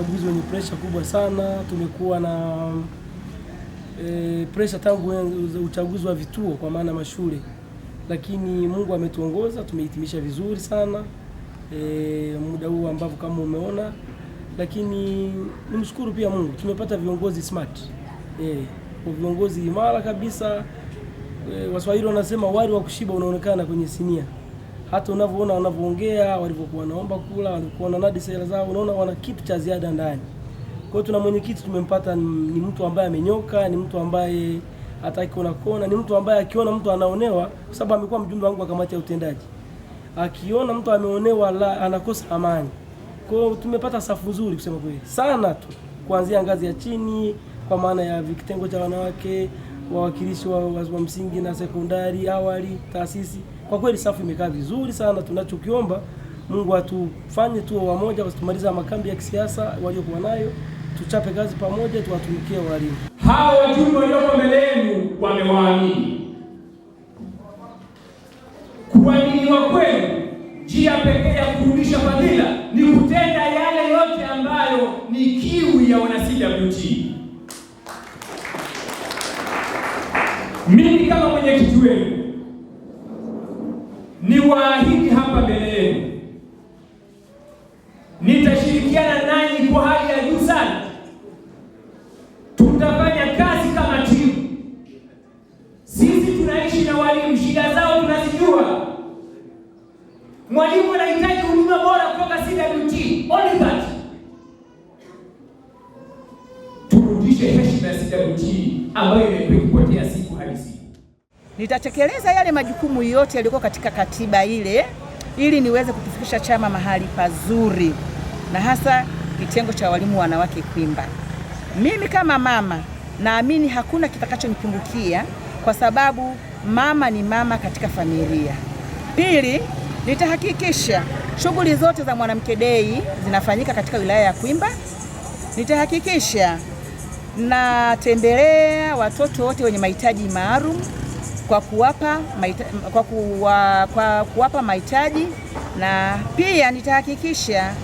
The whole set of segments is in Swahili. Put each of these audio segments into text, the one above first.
uchaguzi wenye presha kubwa sana. Tumekuwa na e, presha tangu uchaguzi wa vituo kwa maana mashule, lakini Mungu ametuongoza tumehitimisha vizuri sana e, muda huu ambavyo kama umeona, lakini nimshukuru pia Mungu tumepata viongozi smart e, viongozi imara kabisa e, Waswahili wanasema wali wa kushiba unaonekana kwenye sinia hata unavyoona wanavyoongea, walivyokuwa wanaomba kula, walivyokuwa wananadi sera zao, unaona wana kitu cha ziada ndani. Kwa hiyo tuna mwenyekiti tumempata, ni mtu ambaye amenyoka, ni mtu ambaye hataki kuona kona, ni mtu ambaye akiona mtu anaonewa, kwa sababu amekuwa mjumbe wangu wa kamati ya utendaji, akiona mtu ameonewa la, anakosa amani. Kwa hiyo tumepata safu nzuri kusema kweli sana tu, kuanzia ngazi ya chini kwa maana ya kitengo cha wanawake wawakilishi wa, wa, wa msingi na sekondari, awali, taasisi. Kwa kweli safu imekaa vizuri sana. Tunachokiomba Mungu atufanye tuwe wamoja, wasitumaliza makambi ya kisiasa waliokuwa nayo, tuchape kazi pamoja, tuwatumikie walimu. Hawa wajumbe walioko mbele yenu wamewaamini. Kuaminiwa kwenu, njia pekee ya kurudisha fadhila ni kutenda yale yote ambayo ni kiu ya wana CWT. Mimi kama mwenyekiti wenu niwaahidi hapa mbele yenu, nitashirikiana nanyi kwa hali ya juu sana. Tutafanya kazi kama timu. Sisi tunaishi na walimu, shida zao tunazijua. Mwalimu anahitaji huduma bora kutoka CWT. Only that. ivunjwe heshima ya CWT ambayo imekuwa ikipotea siku hadi siku. Nitatekeleza yale majukumu yote yaliyokuwa katika katiba ile ili niweze kukifikisha chama mahali pazuri, na hasa kitengo cha walimu wanawake Kwimba. Mimi kama mama naamini hakuna kitakachonipungukia kwa sababu mama ni mama katika familia. Pili, nitahakikisha shughuli zote za mwanamke dei zinafanyika katika wilaya ya Kwimba. Nitahakikisha Natembelea watoto wote wenye mahitaji maalum kwa kuwapa mahitaji, kwa kuwa, kwa kuwapa mahitaji na pia nitahakikisha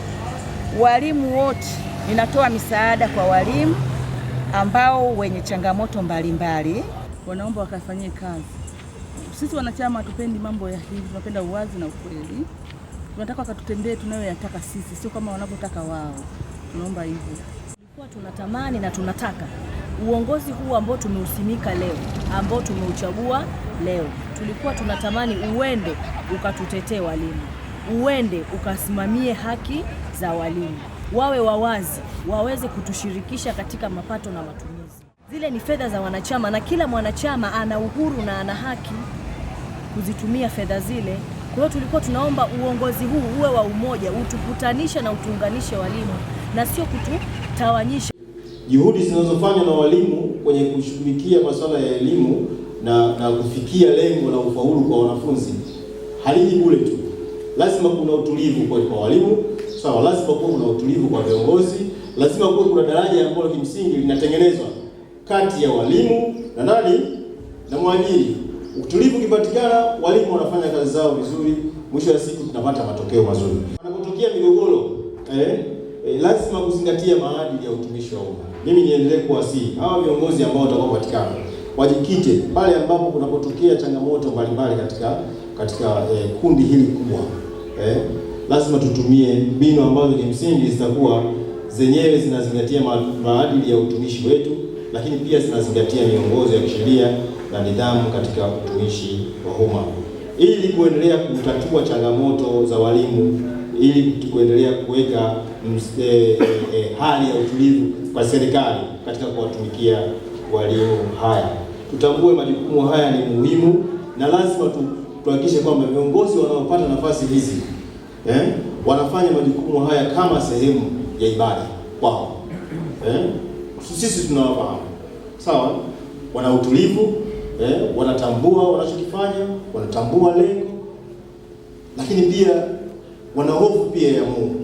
walimu wote, ninatoa misaada kwa walimu ambao wenye changamoto mbalimbali wanaomba wakafanyie kazi. Sisi wanachama hatupendi mambo ya hivi, tunapenda uwazi na ukweli. Tunataka wakatutendee tunayoyataka sisi, sio kama wanavyotaka wao. Tunaomba hivyo. Kwa tunatamani na tunataka uongozi huu ambao tumeusimika leo, ambao tumeuchagua leo, tulikuwa tunatamani uende ukatutetee walimu, uende ukasimamie haki za walimu, wawe wawazi, waweze kutushirikisha katika mapato na matumizi. Zile ni fedha za wanachama, na kila mwanachama ana uhuru na ana haki kuzitumia fedha zile. Kwa hiyo tulikuwa tunaomba uongozi huu uwe wa umoja, utukutanishe na utuunganishe walimu na sio kututawanyisha. Juhudi zinazofanywa na walimu kwenye kushughulikia masuala ya elimu na, na kufikia lengo la ufaulu kwa wanafunzi haliji bure tu, lazima kuna utulivu kwa, kwa walimu sawa, lazima kuwa kuna utulivu kwa viongozi, lazima kuwe kuna daraja ambalo kimsingi linatengenezwa kati ya walimu na nani na mwajiri. Utulivu ukipatikana, walimu wanafanya kazi zao vizuri, mwisho wa siku tunapata matokeo mazuri. Anapotokea migogoro eh, eh, lazima kuzingatia maadili ya utumishi wa umma. Mimi niendelee kuwasihi hawa viongozi ambao patikana wajikite pale ambapo kunapotokea changamoto mbalimbali katika katika eh, kundi hili kubwa eh, lazima tutumie mbinu ambazo kimsingi zitakuwa zenyewe zinazingatia ma maadili ya utumishi wetu, lakini pia zinazingatia miongozo ya kisheria na nidhamu katika utumishi wa umma ili kuendelea kutatua changamoto za walimu ili kuendelea kuweka e, e, hali ya utulivu kwa serikali katika kuwatumikia walio haya. Tutambue majukumu haya ni muhimu na lazima tuhakikishe kwamba viongozi wanaopata nafasi hizi eh, wanafanya majukumu haya kama sehemu ya ibada kwao. Eh, sisi tunawafahamu sawa, wana utulivu eh, wanatambua wanachokifanya, wanatambua lengo, lakini pia wana hofu pia ya Mungu.